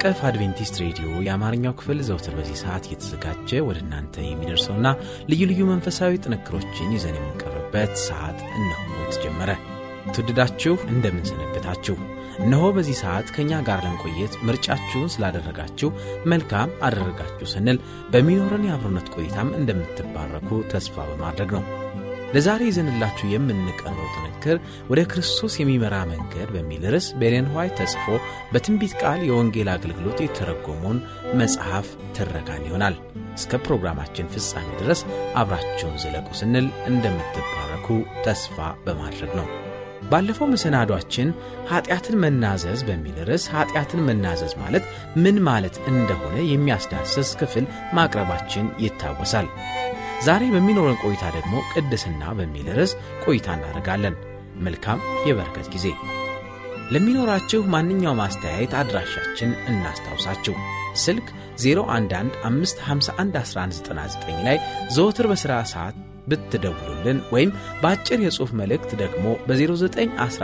አቀፍ አድቬንቲስት ሬዲዮ የአማርኛው ክፍል ዘውትር በዚህ ሰዓት እየተዘጋጀ ወደ እናንተ የሚደርሰውና ልዩ ልዩ መንፈሳዊ ጥንክሮችን ይዘን የምንቀርብበት ሰዓት እነሆ ተጀመረ። ትውድዳችሁ እንደምንሰነበታችሁ። እነሆ በዚህ ሰዓት ከእኛ ጋር ለመቆየት ምርጫችሁን ስላደረጋችሁ መልካም አደረጋችሁ ስንል በሚኖረን የአብሮነት ቆይታም እንደምትባረኩ ተስፋ በማድረግ ነው። ለዛሬ ይዘንላችሁ የምንቀርበው ጥንክር ወደ ክርስቶስ የሚመራ መንገድ በሚል ርዕስ በኤለን ዋይት ተጽፎ በትንቢት ቃል የወንጌል አገልግሎት የተረጎመውን መጽሐፍ ትረካን ይሆናል። እስከ ፕሮግራማችን ፍጻሜ ድረስ አብራችሁን ዝለቁ ስንል እንደምትባረኩ ተስፋ በማድረግ ነው። ባለፈው መሰናዷችን ኀጢአትን መናዘዝ በሚል ርዕስ ኀጢአትን መናዘዝ ማለት ምን ማለት እንደሆነ የሚያስዳስስ ክፍል ማቅረባችን ይታወሳል። ዛሬ በሚኖረን ቆይታ ደግሞ ቅድስና በሚል ርዕስ ቆይታ እናደርጋለን። መልካም የበረከት ጊዜ። ለሚኖራችሁ ማንኛውም አስተያየት አድራሻችን እናስታውሳችሁ። ስልክ 011551199 ላይ ዘወትር በሥራ ሰዓት ብትደውሉልን ወይም በአጭር የጽሑፍ መልእክት ደግሞ በ0911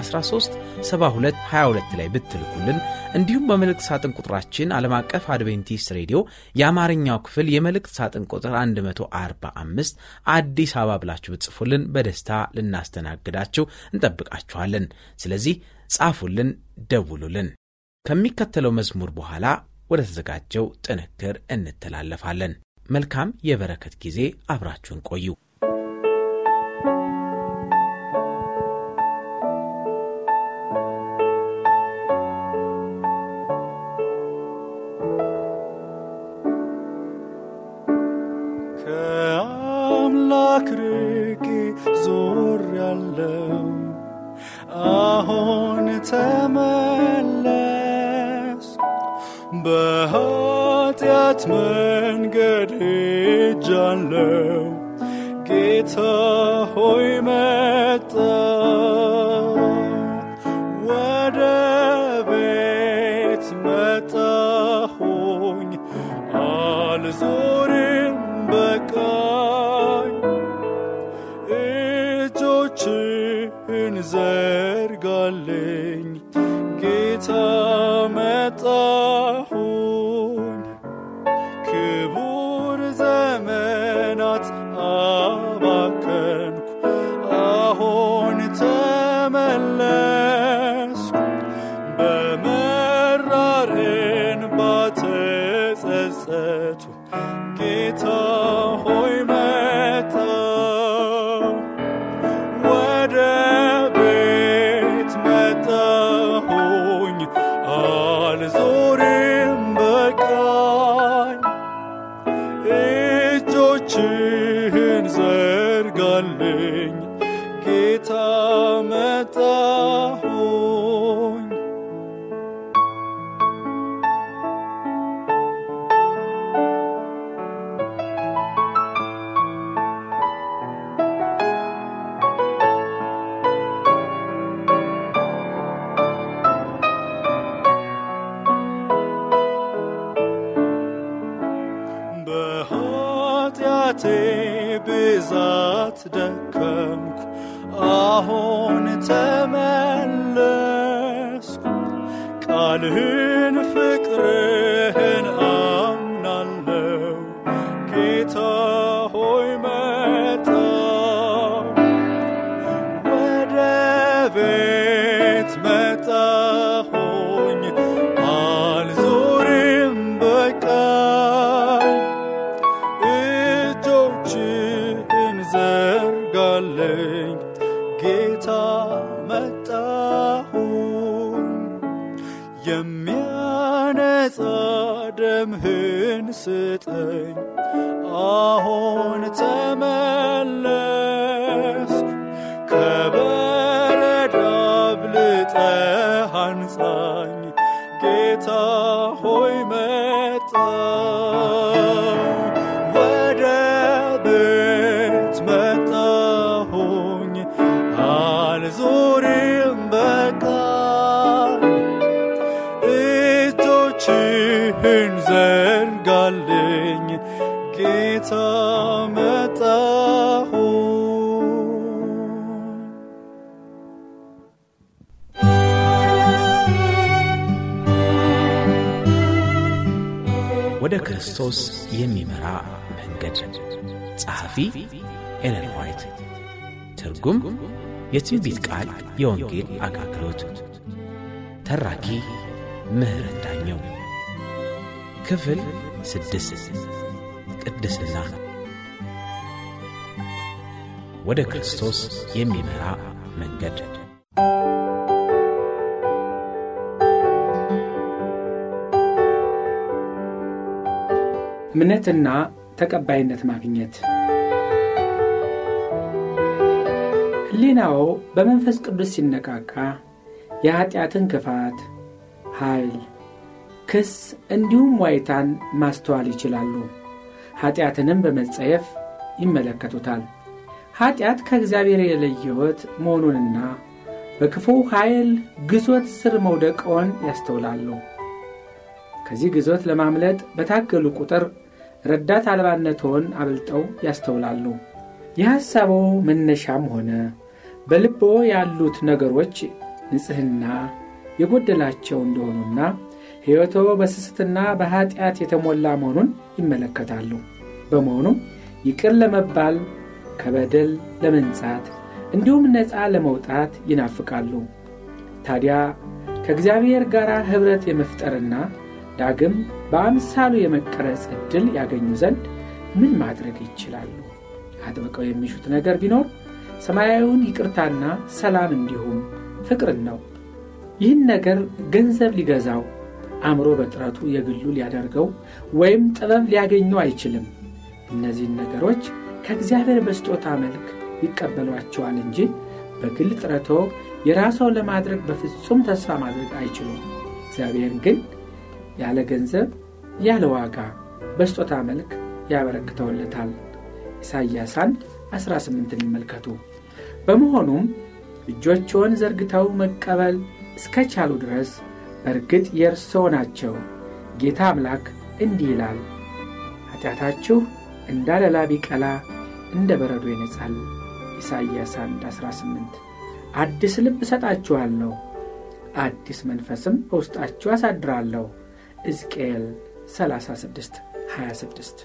13 72 22 ላይ ብትልኩልን እንዲሁም በመልእክት ሳጥን ቁጥራችን ዓለም አቀፍ አድቬንቲስት ሬዲዮ የአማርኛው ክፍል የመልእክት ሳጥን ቁጥር 145 አዲስ አበባ ብላችሁ ብትጽፉልን በደስታ ልናስተናግዳችሁ እንጠብቃችኋለን። ስለዚህ ጻፉልን፣ ደውሉልን። ከሚከተለው መዝሙር በኋላ ወደ ተዘጋጀው ጥንክር እንተላለፋለን። መልካም የበረከት ጊዜ አብራችሁን ቆዩ። home. ደከምኩ አሁን ተመለስኩ ቃልህ አሁን ተመ ክርስቶስ የሚመራ መንገድ ጸሐፊ ኤለን ዋይት ትርጉም የትንቢት ቃል የወንጌል አገልግሎት ተራኪ ምህረት ዳኘው ክፍል ስድስት ቅድስና ወደ ክርስቶስ የሚመራ መንገድ እምነትና ተቀባይነት ማግኘት ህሊናዎ በመንፈስ ቅዱስ ሲነቃቃ የኀጢአትን ክፋት፣ ኃይል፣ ክስ እንዲሁም ዋይታን ማስተዋል ይችላሉ። ኀጢአትንም በመጸየፍ ይመለከቱታል። ኀጢአት ከእግዚአብሔር የለየ ሕይወት መሆኑንና በክፉ ኃይል ግዞት ስር መውደቀውን ያስተውላሉ። ከዚህ ግዞት ለማምለጥ በታገሉ ቁጥር ረዳት አልባነትዎን አብልጠው ያስተውላሉ። የሐሳቦ መነሻም ሆነ በልቦ ያሉት ነገሮች ንጽሕና የጎደላቸው እንደሆኑና ሕይወቶ በስስትና በኀጢአት የተሞላ መሆኑን ይመለከታሉ። በመሆኑም ይቅር ለመባል ከበደል ለመንጻት እንዲሁም ነፃ ለመውጣት ይናፍቃሉ። ታዲያ ከእግዚአብሔር ጋር ኅብረት የመፍጠርና ዳግም በአምሳሉ የመቀረጽ ዕድል ያገኙ ዘንድ ምን ማድረግ ይችላሉ? አጥብቀው የሚሹት ነገር ቢኖር ሰማያዊውን ይቅርታና ሰላም እንዲሁም ፍቅርን ነው። ይህን ነገር ገንዘብ ሊገዛው፣ አእምሮ በጥረቱ የግሉ ሊያደርገው ወይም ጥበብ ሊያገኘው አይችልም። እነዚህን ነገሮች ከእግዚአብሔር በስጦታ መልክ ይቀበሏቸዋል እንጂ በግል ጥረቶ የራሰው ለማድረግ በፍጹም ተስፋ ማድረግ አይችሉም። እግዚአብሔር ግን ያለ ገንዘብ ያለ ዋጋ በስጦታ መልክ ያበረክተውለታል። ኢሳይያሳን 18 ይመልከቱ በመሆኑም እጆቸውን ዘርግተው መቀበል እስከቻሉ ድረስ በእርግጥ የእርስዎ ናቸው። ጌታ አምላክ እንዲህ ይላል፣ ኃጢአታችሁ እንዳለላ ቢቀላ እንደ በረዶ ይነጻል። ኢሳይያስ 1 18 አዲስ ልብ እሰጣችኋለሁ፣ አዲስ መንፈስም በውስጣችሁ አሳድራለሁ ሕዝቅኤል 36 26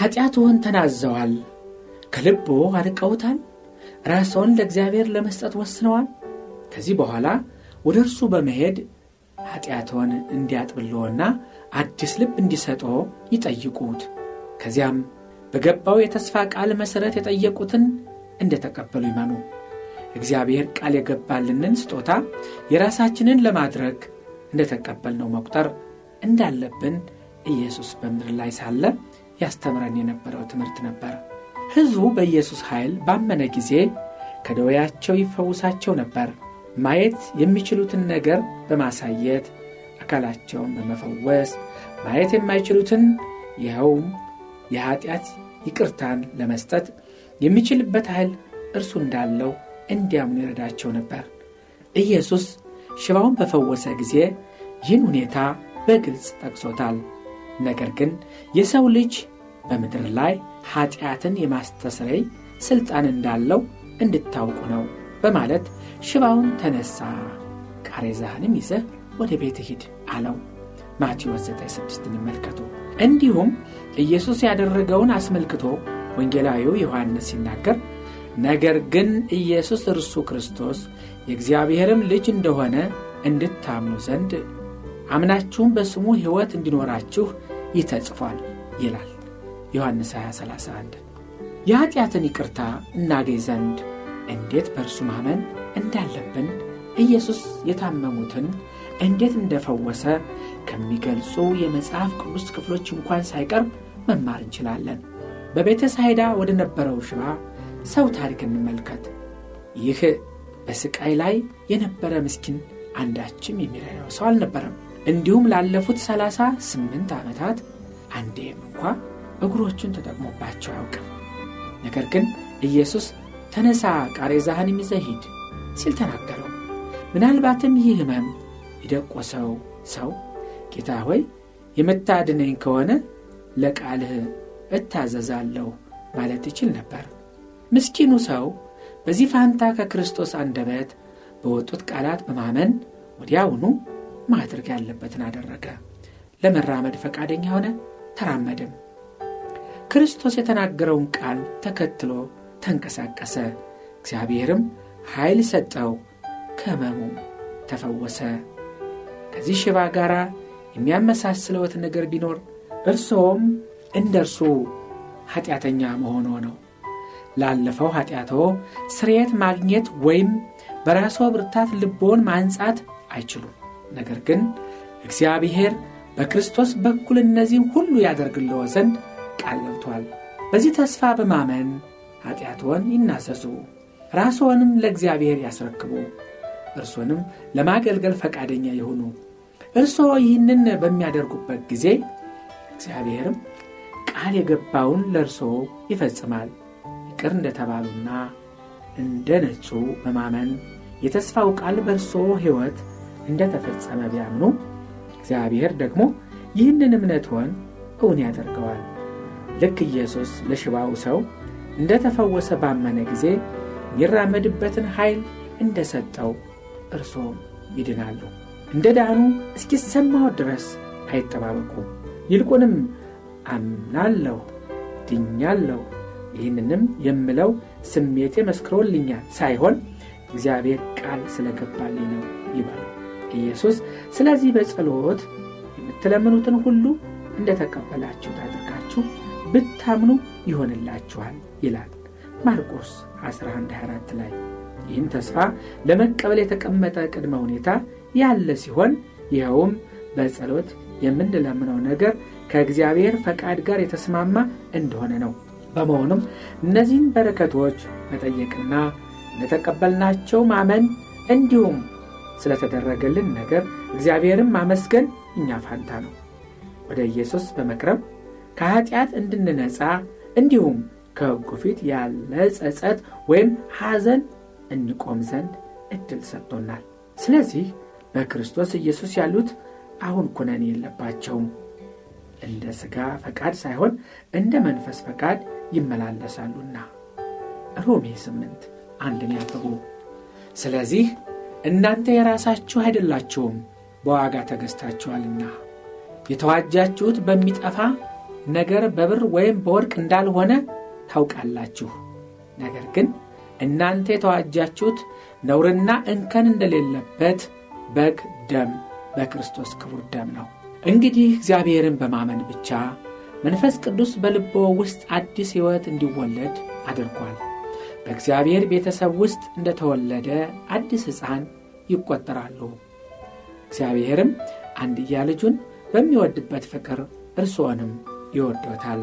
ኃጢአትዎን ተናዘዋል ከልቦ አርቀውታል ራስዎን ለእግዚአብሔር ለመስጠት ወስነዋል ከዚህ በኋላ ወደ እርሱ በመሄድ ኃጢአትዎን እንዲያጥብልዎና አዲስ ልብ እንዲሰጦ ይጠይቁት ከዚያም በገባው የተስፋ ቃል መሠረት የጠየቁትን እንደ ተቀበሉ ይመኑ እግዚአብሔር ቃል የገባልንን ስጦታ የራሳችንን ለማድረግ እንደ ተቀበልነው መቁጠር እንዳለብን ኢየሱስ በምድር ላይ ሳለ ያስተምረን የነበረው ትምህርት ነበር። ሕዝቡ በኢየሱስ ኃይል ባመነ ጊዜ ከደወያቸው ይፈውሳቸው ነበር። ማየት የሚችሉትን ነገር በማሳየት አካላቸውን በመፈወስ ማየት የማይችሉትን ይኸውም የኀጢአት ይቅርታን ለመስጠት የሚችልበት ኃይል እርሱ እንዳለው እንዲያምኑ ይረዳቸው ነበር። ኢየሱስ ሽባውን በፈወሰ ጊዜ ይህን ሁኔታ በግልጽ ጠቅሶታል። ነገር ግን የሰው ልጅ በምድር ላይ ኃጢአትን የማስተስረይ ሥልጣን እንዳለው እንድታውቁ ነው በማለት ሽባውን ተነሳ፣ ቃሬዛህንም ይዘህ ወደ ቤት ሂድ አለው። ማቴዎስ 9፥6 እንመልከቱ። እንዲሁም ኢየሱስ ያደረገውን አስመልክቶ ወንጌላዊው ዮሐንስ ሲናገር ነገር ግን ኢየሱስ እርሱ ክርስቶስ የእግዚአብሔርም ልጅ እንደሆነ እንድታምኑ ዘንድ አምናችሁም በስሙ ሕይወት እንዲኖራችሁ ይተጽፏል ይላል ዮሐንስ 231 የኀጢአትን ይቅርታ እናገኝ ዘንድ እንዴት በእርሱ ማመን እንዳለብን ኢየሱስ የታመሙትን እንዴት እንደፈወሰ ከሚገልጹ የመጽሐፍ ቅዱስ ክፍሎች እንኳን ሳይቀርብ መማር እንችላለን በቤተ ሳይዳ ወደ ነበረው ሽባ ሰው ታሪክ እንመልከት ይህ በስቃይ ላይ የነበረ ምስኪን አንዳችም የሚረዳው ሰው አልነበረም እንዲሁም ላለፉት 38 ዓመታት አንዴም እንኳ እግሮቹን ተጠቅሞባቸው አያውቅም። ነገር ግን ኢየሱስ ተነሳ፣ ቃሬዛህን የሚዘሂድ ሲል ተናገረው። ምናልባትም ይህ ህመም የደቆሰው ሰው ጌታ ሆይ የምታድነኝ ከሆነ ለቃልህ እታዘዛለሁ ማለት ይችል ነበር። ምስኪኑ ሰው በዚህ ፋንታ ከክርስቶስ አንደበት በወጡት ቃላት በማመን ወዲያውኑ ማድረግ ያለበትን አደረገ። ለመራመድ ፈቃደኛ ሆነ፣ ተራመደም። ክርስቶስ የተናገረውን ቃል ተከትሎ ተንቀሳቀሰ። እግዚአብሔርም ኃይል ሰጠው፣ ከመሙ ተፈወሰ። ከዚህ ሽባ ጋር የሚያመሳስለውት ነገር ቢኖር እርስዎም እንደ እርሱ ኃጢአተኛ መሆኖ ነው። ላለፈው ኃጢአቶ ስርየት ማግኘት ወይም በራስዎ ብርታት ልቦን ማንጻት አይችሉም። ነገር ግን እግዚአብሔር በክርስቶስ በኩል እነዚህም ሁሉ ያደርግልዎ ዘንድ ቃል ገብቷል በዚህ ተስፋ በማመን ኀጢአትዎን ይናሰሱ ራስዎንም ለእግዚአብሔር ያስረክቡ እርሶንም ለማገልገል ፈቃደኛ የሆኑ እርሶ ይህንን በሚያደርጉበት ጊዜ እግዚአብሔርም ቃል የገባውን ለእርስዎ ይፈጽማል ይቅር እንደተባሉና እንደ ነጹ በማመን የተስፋው ቃል በእርስዎ ሕይወት እንደተፈጸመ ቢያምኑ እግዚአብሔር ደግሞ ይህንን እምነትዎን እውን ያደርገዋል። ልክ ኢየሱስ ለሽባው ሰው እንደተፈወሰ ባመነ ጊዜ የሚራመድበትን ኃይል እንደሰጠው እርሶ ይድናሉ። እንደ ዳኑ እስኪሰማው ድረስ አይጠባበቁ። ይልቁንም አምናለሁ፣ ድኛለሁ፣ ይህንንም የምለው ስሜቴ መስክሮልኛል ሳይሆን እግዚአብሔር ቃል ስለገባልኝ ነው ይበሉ። ኢየሱስ ስለዚህ በጸሎት የምትለምኑትን ሁሉ እንደተቀበላችሁ ታድርጋችሁ ብታምኑ ይሆንላችኋል ይላል ማርቆስ 1124 ላይ ይህን ተስፋ ለመቀበል የተቀመጠ ቅድመ ሁኔታ ያለ ሲሆን ይኸውም በጸሎት የምንለምነው ነገር ከእግዚአብሔር ፈቃድ ጋር የተስማማ እንደሆነ ነው በመሆኑም እነዚህን በረከቶች መጠየቅና እንደተቀበልናቸው ማመን እንዲሁም ስለተደረገልን ነገር እግዚአብሔርን ማመስገን እኛ ፋንታ ነው። ወደ ኢየሱስ በመቅረብ ከኀጢአት እንድንነጻ እንዲሁም ከሕጉ ፊት ያለ ጸጸት ወይም ሐዘን እንቆም ዘንድ ዕድል ሰጥቶናል። ስለዚህ በክርስቶስ ኢየሱስ ያሉት አሁን ኩነኔ የለባቸውም። እንደ ሥጋ ፈቃድ ሳይሆን እንደ መንፈስ ፈቃድ ይመላለሳሉና ሮሜ 8 አንድን ያብቡ። ስለዚህ እናንተ የራሳችሁ አይደላችሁም በዋጋ ተገዝታችኋልና። የተዋጃችሁት በሚጠፋ ነገር በብር ወይም በወርቅ እንዳልሆነ ታውቃላችሁ። ነገር ግን እናንተ የተዋጃችሁት ነውርና እንከን እንደሌለበት በግ ደም በክርስቶስ ክቡር ደም ነው። እንግዲህ እግዚአብሔርን በማመን ብቻ መንፈስ ቅዱስ በልቦ ውስጥ አዲስ ሕይወት እንዲወለድ አድርጓል። በእግዚአብሔር ቤተሰብ ውስጥ እንደተወለደ አዲስ ሕፃን ይቆጠራሉ። እግዚአብሔርም አንድያ ልጁን በሚወድበት ፍቅር እርስዎንም ይወዶታል።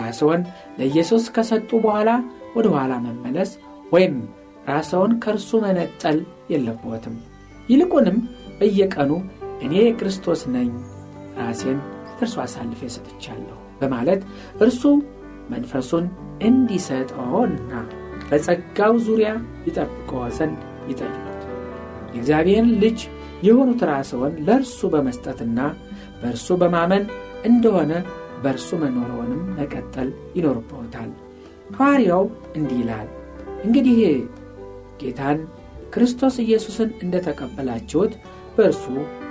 ራስዎን ለኢየሱስ ከሰጡ በኋላ ወደ ኋላ መመለስ ወይም ራስዎን ከእርሱ መነጠል የለብዎትም። ይልቁንም በየቀኑ እኔ የክርስቶስ ነኝ፣ ራሴን እርሱ አሳልፌ ሰጥቻለሁ በማለት እርሱ መንፈሱን እንዲሰጠውና በጸጋው ዙሪያ ይጠብቀ ዘንድ ይጠይቁ። የእግዚአብሔርን ልጅ የሆኑት ራስዎን ለእርሱ በመስጠትና በእርሱ በማመን እንደሆነ በእርሱ መኖረውንም መቀጠል ይኖርበታል ሐዋርያው እንዲህ ይላል፣ እንግዲህ ጌታን ክርስቶስ ኢየሱስን እንደ ተቀበላችሁት በእርሱ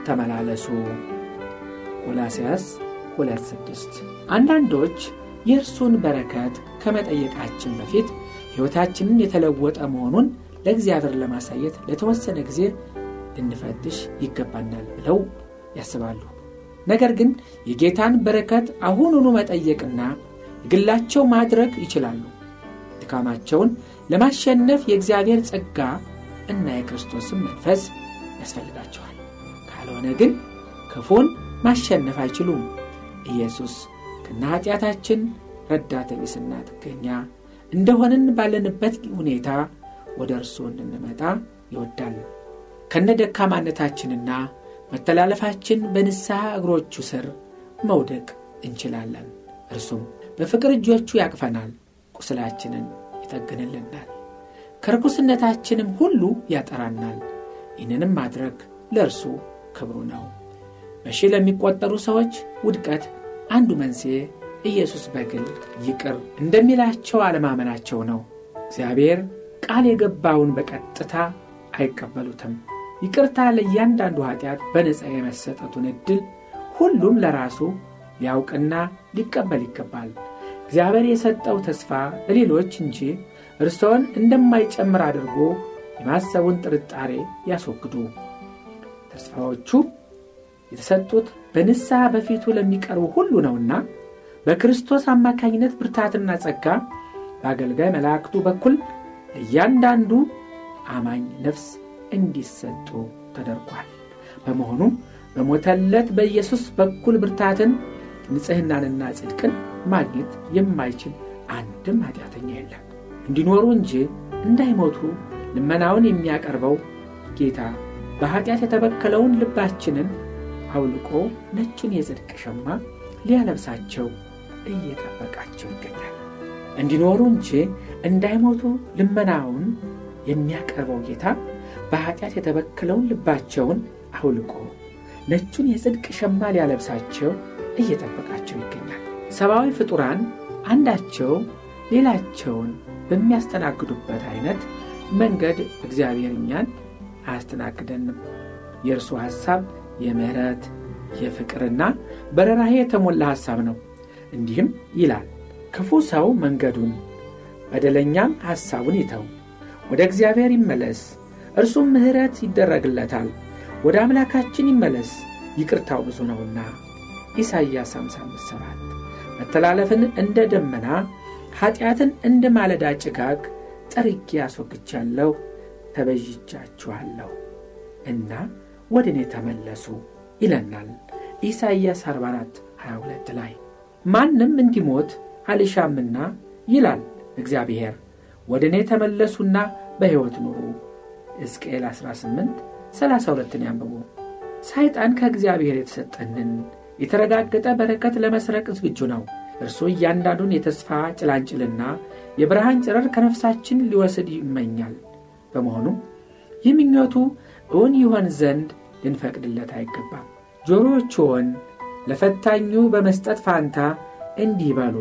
ተመላለሱ። ቆላስያስ 2፥6 አንዳንዶች የእርሱን በረከት ከመጠየቃችን በፊት ሕይወታችንን የተለወጠ መሆኑን ለእግዚአብሔር ለማሳየት ለተወሰነ ጊዜ ልንፈትሽ ይገባናል ብለው ያስባሉ። ነገር ግን የጌታን በረከት አሁኑኑ መጠየቅና የግላቸው ማድረግ ይችላሉ። ድካማቸውን ለማሸነፍ የእግዚአብሔር ጸጋ እና የክርስቶስን መንፈስ ያስፈልጋቸዋል። ካልሆነ ግን ክፉን ማሸነፍ አይችሉም። ኢየሱስ ከና ኃጢአታችን ረዳተ ቢስና ትገኛ እንደሆንን ባለንበት ሁኔታ ወደ እርሱ እንድንመጣ ይወዳል። ከነደካማነታችንና መተላለፋችን በንስሐ እግሮቹ ስር መውደቅ እንችላለን። እርሱም በፍቅር እጆቹ ያቅፈናል፣ ቁስላችንን ይጠግንልናል፣ ከርኩስነታችንም ሁሉ ያጠራናል። ይህንንም ማድረግ ለእርሱ ክብሩ ነው። በሺ ለሚቆጠሩ ሰዎች ውድቀት አንዱ መንስኤ ኢየሱስ በግል ይቅር እንደሚላቸው አለማመናቸው ነው። እግዚአብሔር ቃል የገባውን በቀጥታ አይቀበሉትም። ይቅርታ ለእያንዳንዱ ኃጢአት በነፃ የመሰጠቱን ዕድል ሁሉም ለራሱ ሊያውቅና ሊቀበል ይገባል። እግዚአብሔር የሰጠው ተስፋ ለሌሎች እንጂ እርስዎን እንደማይጨምር አድርጎ የማሰቡን ጥርጣሬ ያስወግዱ። ተስፋዎቹ የተሰጡት በንስሐ በፊቱ ለሚቀርቡ ሁሉ ነውና በክርስቶስ አማካኝነት ብርታትና ጸጋ በአገልጋይ መላእክቱ በኩል ለእያንዳንዱ አማኝ ነፍስ እንዲሰጡ ተደርጓል። በመሆኑም በሞተለት በኢየሱስ በኩል ብርታትን፣ ንጽህናንና ጽድቅን ማግኘት የማይችል አንድም ኃጢአተኛ የለም። እንዲኖሩ እንጂ እንዳይሞቱ ልመናውን የሚያቀርበው ጌታ በኃጢአት የተበከለውን ልባችንን አውልቆ ነጩን የጽድቅ ሸማ ሊያለብሳቸው እየጠበቃቸው ይገኛል። እንዲኖሩ እንጂ እንዳይሞቱ ልመናውን የሚያቀርበው ጌታ በኃጢአት የተበክለውን ልባቸውን አውልቆ ነጩን የጽድቅ ሸማ ሊያለብሳቸው እየጠበቃቸው ይገኛል። ሰብአዊ ፍጡራን አንዳቸው ሌላቸውን በሚያስተናግዱበት አይነት መንገድ እግዚአብሔር እኛን አያስተናግደንም። የእርሱ ሐሳብ የምሕረት የፍቅርና በረራሄ የተሞላ ሐሳብ ነው። እንዲህም ይላል ክፉ ሰው መንገዱን በደለኛም ሐሳቡን ይተው፣ ወደ እግዚአብሔር ይመለስ፣ እርሱም ምሕረት ይደረግለታል። ወደ አምላካችን ይመለስ፣ ይቅርታው ብዙ ነውና። ኢሳይያስ 55፥7 መተላለፍን እንደ ደመና ኀጢአትን እንደ ማለዳ ጭጋግ ጠርጌ አስወግቻለሁ፣ ተበዥቻችኋለሁ እና ወደ እኔ ተመለሱ ይለናል ኢሳይያስ 44፥22 ላይ ማንም እንዲሞት አልሻምና ይላል እግዚአብሔር። ወደ እኔ ተመለሱና በሕይወት ኑሩ። ሕዝቅኤል 18 32ን ያንብቡ። ሰይጣን ከእግዚአብሔር የተሰጠንን የተረጋገጠ በረከት ለመስረቅ ዝግጁ ነው። እርሱ እያንዳንዱን የተስፋ ጭላንጭልና የብርሃን ጭረር ከነፍሳችን ሊወስድ ይመኛል። በመሆኑ ይህ ምኞቱ እውን ይሆን ዘንድ ልንፈቅድለት አይገባም። ጆሮዎችዎን ለፈታኙ በመስጠት ፋንታ እንዲህ በሉ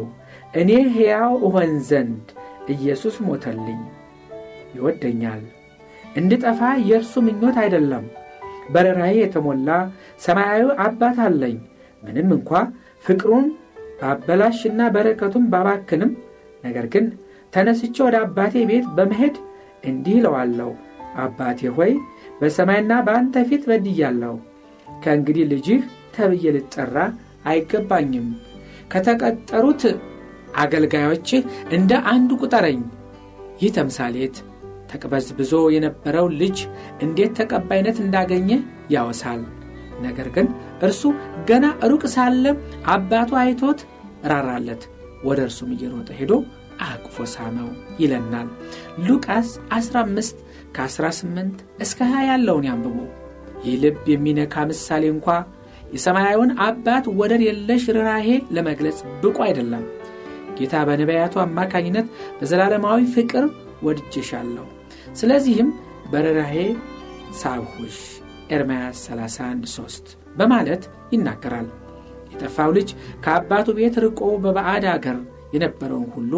እኔ ሕያው እሆን ዘንድ ኢየሱስ ሞተልኝ። ይወደኛል፣ እንድጠፋ የእርሱ ምኞት አይደለም። በረራዬ የተሞላ ሰማያዊ አባት አለኝ። ምንም እንኳ ፍቅሩን ባበላሽና በረከቱን ባባክንም፣ ነገር ግን ተነስቼ ወደ አባቴ ቤት በመሄድ እንዲህ እለዋለሁ፣ አባቴ ሆይ በሰማይና በአንተ ፊት በድያለሁ። ከእንግዲህ ልጅህ ተብዬ ልጠራ አይገባኝም ከተቀጠሩት አገልጋዮችህ እንደ አንድ ቁጠረኝ። ይህ ተምሳሌት ተቅበዝብዞ የነበረው ልጅ እንዴት ተቀባይነት እንዳገኘ ያወሳል። ነገር ግን እርሱ ገና ሩቅ ሳለ አባቱ አይቶት ራራለት፣ ወደ እርሱም እየሮጠ ሄዶ አቅፎ ሳመው ይለናል። ሉቃስ 15 ከ18 እስከ 20 ያለውን ያንብቦ። ይህ ልብ የሚነካ ምሳሌ እንኳ የሰማያዊውን አባት ወደር የለሽ ርራሄ ለመግለጽ ብቁ አይደለም። ጌታ በነቢያቱ አማካኝነት በዘላለማዊ ፍቅር ወድጀሻለሁ ስለዚህም በረራሄ ሳብሁሽ ኤርምያስ 313 በማለት ይናገራል የጠፋው ልጅ ከአባቱ ቤት ርቆ በበአድ አገር የነበረውን ሁሉ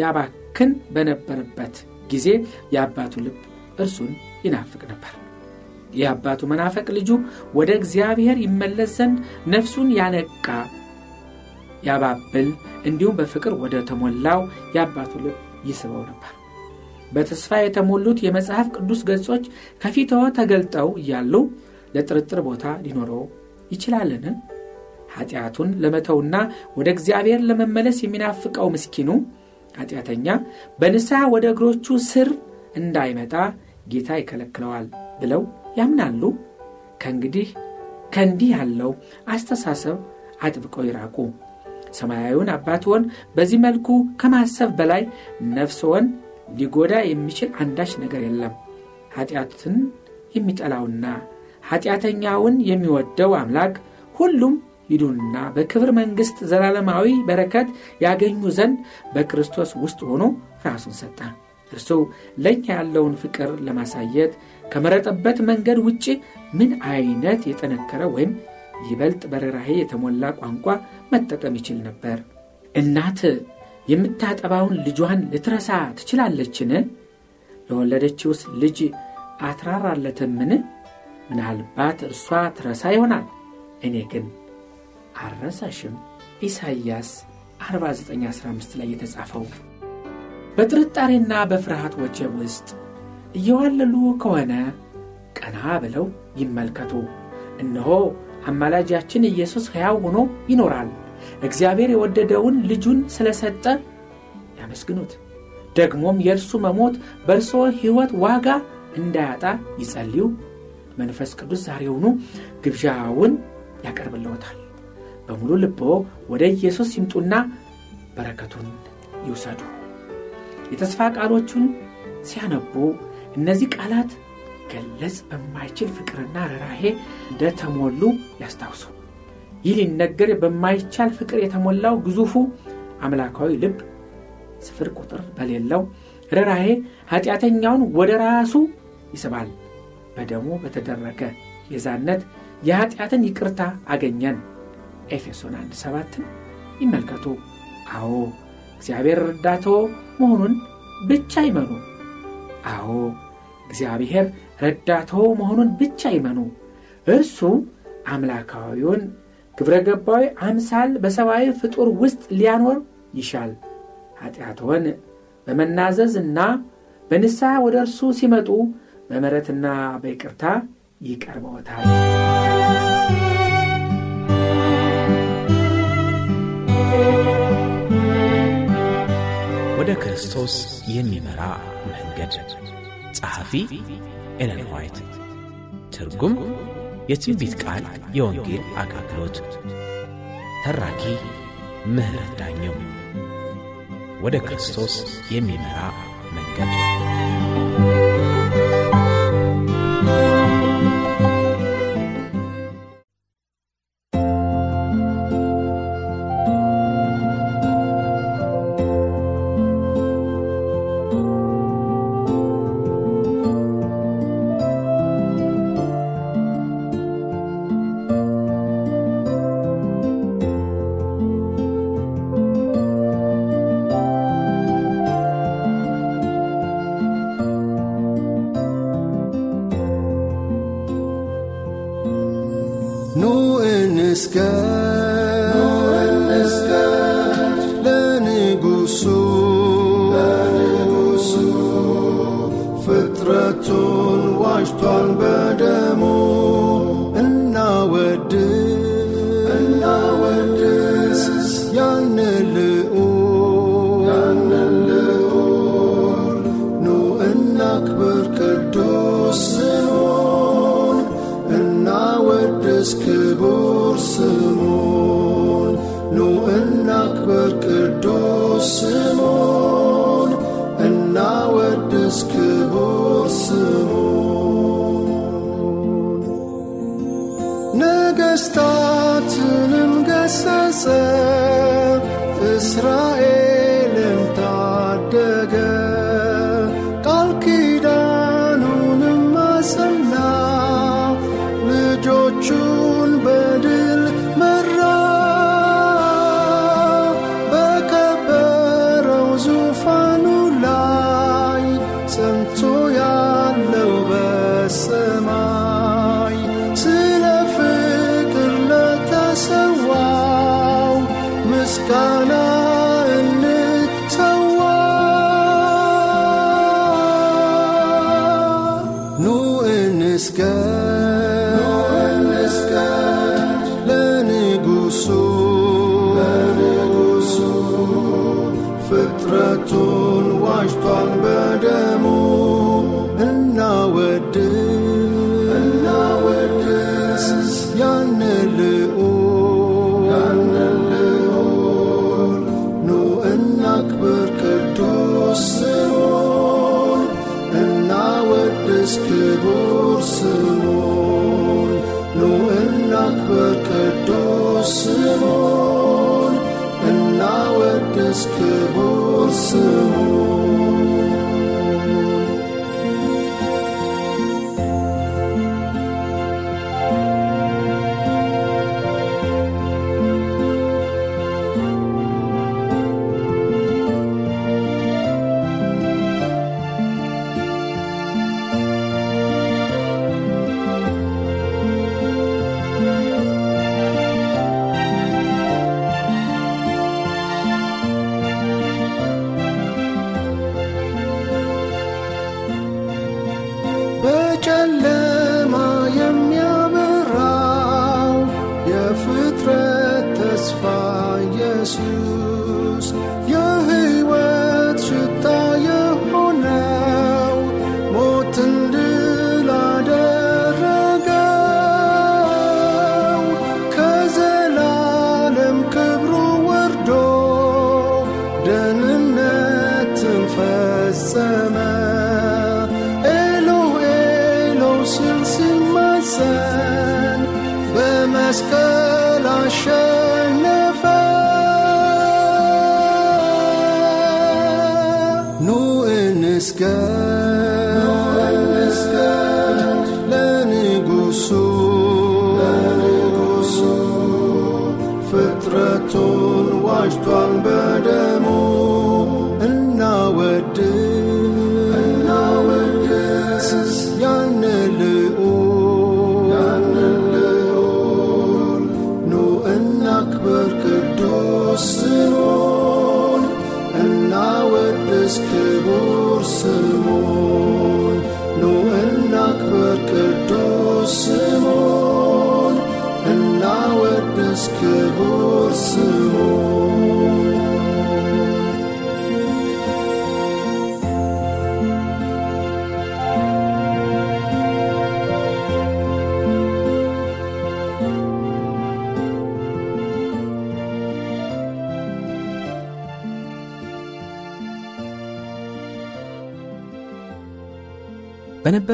ያባክን በነበረበት ጊዜ የአባቱ ልብ እርሱን ይናፍቅ ነበር የአባቱ መናፈቅ ልጁ ወደ እግዚአብሔር ይመለስ ዘንድ ነፍሱን ያነቃ ያባብል እንዲሁም በፍቅር ወደ ተሞላው የአባቱ ልብ ይስበው ነበር። በተስፋ የተሞሉት የመጽሐፍ ቅዱስ ገጾች ከፊትዎ ተገልጠው እያሉ ለጥርጥር ቦታ ሊኖረው ይችላልን? ኃጢአቱን ለመተውና ወደ እግዚአብሔር ለመመለስ የሚናፍቀው ምስኪኑ ኃጢአተኛ በንስሐ ወደ እግሮቹ ስር እንዳይመጣ ጌታ ይከለክለዋል ብለው ያምናሉ? ከእንግዲህ ከእንዲህ ያለው አስተሳሰብ አጥብቀው ይራቁ። ሰማያዊውን አባትዎን በዚህ መልኩ ከማሰብ በላይ ነፍስዎን ሊጎዳ የሚችል አንዳች ነገር የለም ኃጢአትን የሚጠላውና ኃጢአተኛውን የሚወደው አምላክ ሁሉም ሂዱና በክብር መንግሥት ዘላለማዊ በረከት ያገኙ ዘንድ በክርስቶስ ውስጥ ሆኖ ራሱን ሰጠ እርሱ ለእኛ ያለውን ፍቅር ለማሳየት ከመረጠበት መንገድ ውጭ ምን አይነት የጠነከረ ወይም ይበልጥ በረራሄ የተሞላ ቋንቋ መጠቀም ይችል ነበር። እናት የምታጠባውን ልጇን ልትረሳ ትችላለችን? ለወለደችውስ ልጅ አትራራለትምን? ምናልባት እርሷ ትረሳ ይሆናል፣ እኔ ግን አረሳሽም ኢሳይያስ 4915 ላይ የተጻፈው በጥርጣሬና በፍርሃት ወጀብ ውስጥ እየዋለሉ ከሆነ ቀና ብለው ይመልከቱ። እነሆ አማላጃችን ኢየሱስ ሕያው ሆኖ ይኖራል። እግዚአብሔር የወደደውን ልጁን ስለሰጠ ያመስግኑት። ደግሞም የእርሱ መሞት በእርስዎ ሕይወት ዋጋ እንዳያጣ ይጸልዩ። መንፈስ ቅዱስ ዛሬውኑ ግብዣውን ያቀርብልዎታል። በሙሉ ልቦ ወደ ኢየሱስ ይምጡና በረከቱን ይውሰዱ። የተስፋ ቃሎቹን ሲያነቡ እነዚህ ቃላት ሊገለጽ በማይችል ፍቅርና ረራሄ እንደተሞሉ ያስታውሱ። ይህ ሊነገር በማይቻል ፍቅር የተሞላው ግዙፉ አምላካዊ ልብ ስፍር ቁጥር በሌለው ረራሄ ኃጢአተኛውን ወደ ራሱ ይስባል። በደሞ በተደረገ የዛነት የኃጢአትን ይቅርታ አገኘን። ኤፌሶን 1 7 ይመልከቱ። አዎ እግዚአብሔር እርዳቶ መሆኑን ብቻ ይመኑ። አዎ እግዚአብሔር ረዳተው መሆኑን ብቻ ይመኑ። እርሱ አምላካዊውን ግብረ ገባዊ አምሳል በሰብአዊ ፍጡር ውስጥ ሊያኖር ይሻል። ኃጢአትዎን በመናዘዝና በንስሐ ወደ እርሱ ሲመጡ በመረትና በይቅርታ ይቀርበውታል። ወደ ክርስቶስ የሚመራ መንገድ ጸሐፊ ኤለን ዋይት። ትርጉም የትንቢት ቃል የወንጌል አገልግሎት። ተራኪ ምህረት ዳኘው። ወደ ክርስቶስ የሚመራ መንገድ No in the sky. No La negusu. La negusu.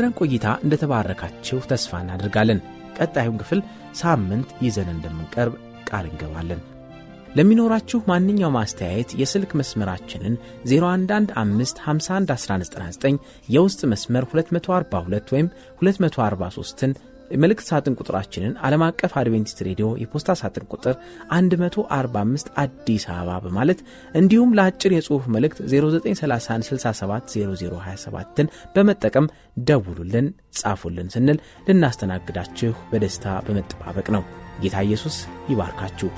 በነበረን ቆይታ እንደተባረካችሁ ተስፋ እናደርጋለን። ቀጣዩን ክፍል ሳምንት ይዘን እንደምንቀርብ ቃል እንገባለን። ለሚኖራችሁ ማንኛው ማስተያየት የስልክ መስመራችንን 011551199 የውስጥ መስመር 242 ወይም 243ን የመልእክት ሳጥን ቁጥራችንን ዓለም አቀፍ አድቬንቲስት ሬዲዮ የፖስታ ሳጥን ቁጥር 145 አዲስ አበባ በማለት እንዲሁም ለአጭር የጽሑፍ መልእክት 0931670027ን በመጠቀም ደውሉልን፣ ጻፉልን ስንል ልናስተናግዳችሁ በደስታ በመጠባበቅ ነው። ጌታ ኢየሱስ ይባርካችሁ።